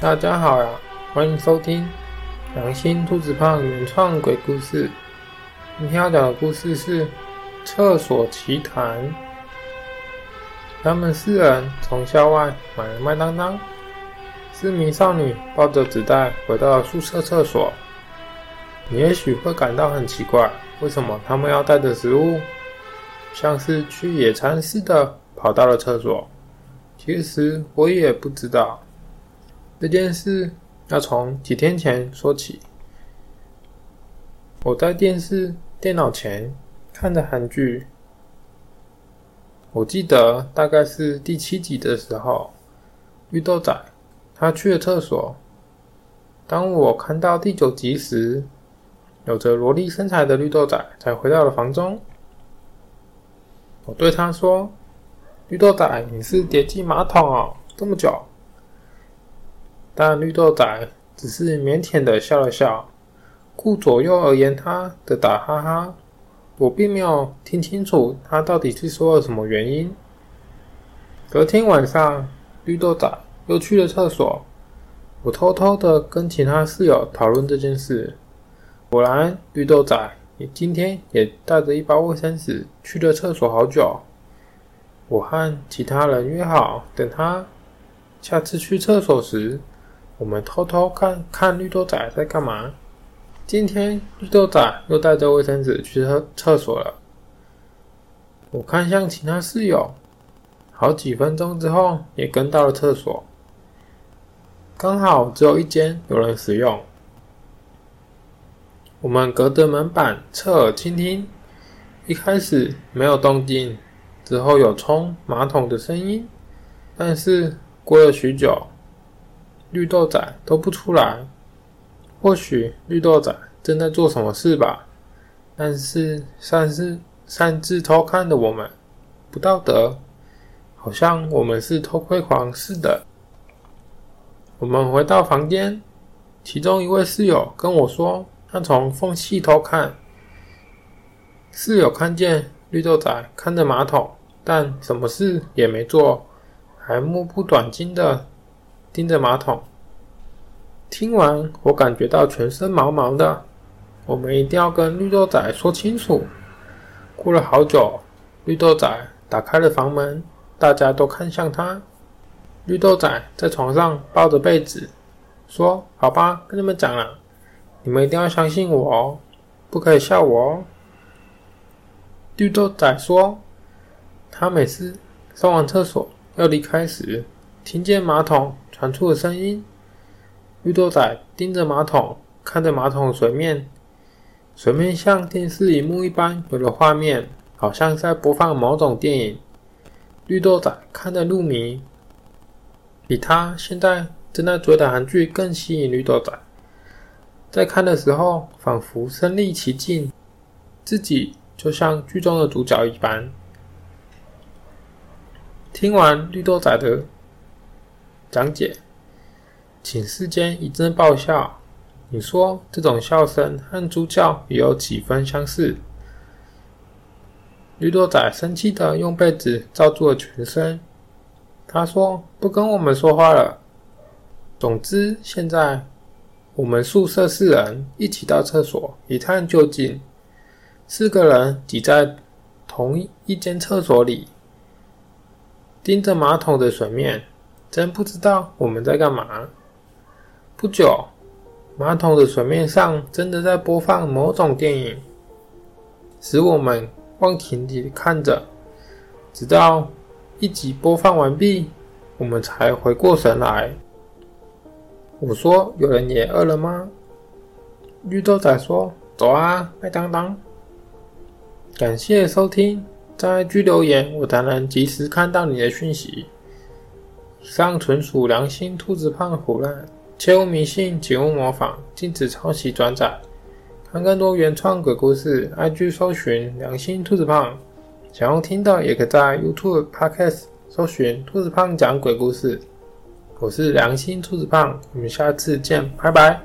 大家好呀，歡迎收聽《良心兔子胖》原創鬼故事。今天要講的故事是《廁所奇談》。他們四人從校外買了麥當當，四名少女抱着紙袋回到了宿舍廁所。你也許會感到很奇怪，為什麼他們要帶着食物，像是去野餐似的跑到了廁所？其實我也不知道。這件事要從幾天前說起。我在電視電腦前看的韓劇，我記得大概是第七集的時候，綠豆仔他去了廁所。當我看到第九集時，有着蘿莉身材的綠豆仔才回到了房中。我對他說：“綠豆仔，你是跌進馬桶啊、哦，這麼久。”但綠豆仔只是靦腆的笑了笑，顧左右而言他的打哈哈，我並沒有聽清楚他到底是說了什麼原因。隔天晚上，綠豆仔又去了廁所，我偷偷的跟其他室友討論這件事。果然，綠豆仔今天也帶着一包衛生紙去了廁所好久。我和其他人約好，等他下次去廁所時，我們偷偷看看綠豆仔在幹嘛。今天綠豆仔又帶着衛生紙去廁廁所了。我看向其他室友，好幾分鐘之後也跟到了廁所，剛好只有一間有人使用。我們隔着門板側耳傾聽，一開始沒有動靜，之後有沖馬桶的聲音，但是過了許久。綠豆仔都不出來，或許綠豆仔正在做什麼事吧。但是擅自擅自偷看的我們，不道德，好像我們是偷窺狂似的。我們回到房間，其中一位室友跟我說，他從縫隙偷看，室友看見綠豆仔看着馬桶，但什麼事也沒做，還目不轉睛的。盯着馬桶。聽完，我感覺到全身毛毛的。我們一定要跟綠豆仔說清楚。過了好久，綠豆仔打開了房門，大家都看向他。綠豆仔在床上抱着被子，說：“好吧，跟你們講了，你們一定要相信我哦，不可以笑我哦。”綠豆仔說，他每次上完廁所要離開時，聽見馬桶。傳出的聲音。綠豆仔盯着馬桶，看着馬桶的水面，水面像電視熒幕一般有了畫面，好像在播放某種電影。綠豆仔看得入迷，比他現在正在追的韓劇更吸引綠豆仔。在看的時候，仿佛身臨其境，自己就像劇中的主角一般。聽完綠豆仔的。講解，寢室間一陣爆笑。你說這種笑聲和豬叫也有幾分相似。綠豆仔生氣地用被子罩住了全身，他說：“不跟我們說話了。”總之，現在我們宿舍四人一起到廁所一探究竟。四個人擠在同一間廁所裡，盯着馬桶的水面。真不知道我們在幹嘛。不久，馬桶的水面上真的在播放某種電影，使我們忘情的看着，直到一集播放完畢，我們才回過神來。我說：“有人也餓了嗎？”綠豆仔說：“走啊，麥當當。”感謝收聽，在 IG 留言，我才能及時看到你的訊息。以上純屬良心兔子胖胡亂，切勿迷信，請勿模仿，禁止抄襲轉載。看更多原創鬼故事，IG 搜尋良心兔子胖。想要聽到也可以在 YouTube、Podcast 搜尋兔子胖講鬼故事。我是良心兔子胖，我們下次見，拜拜。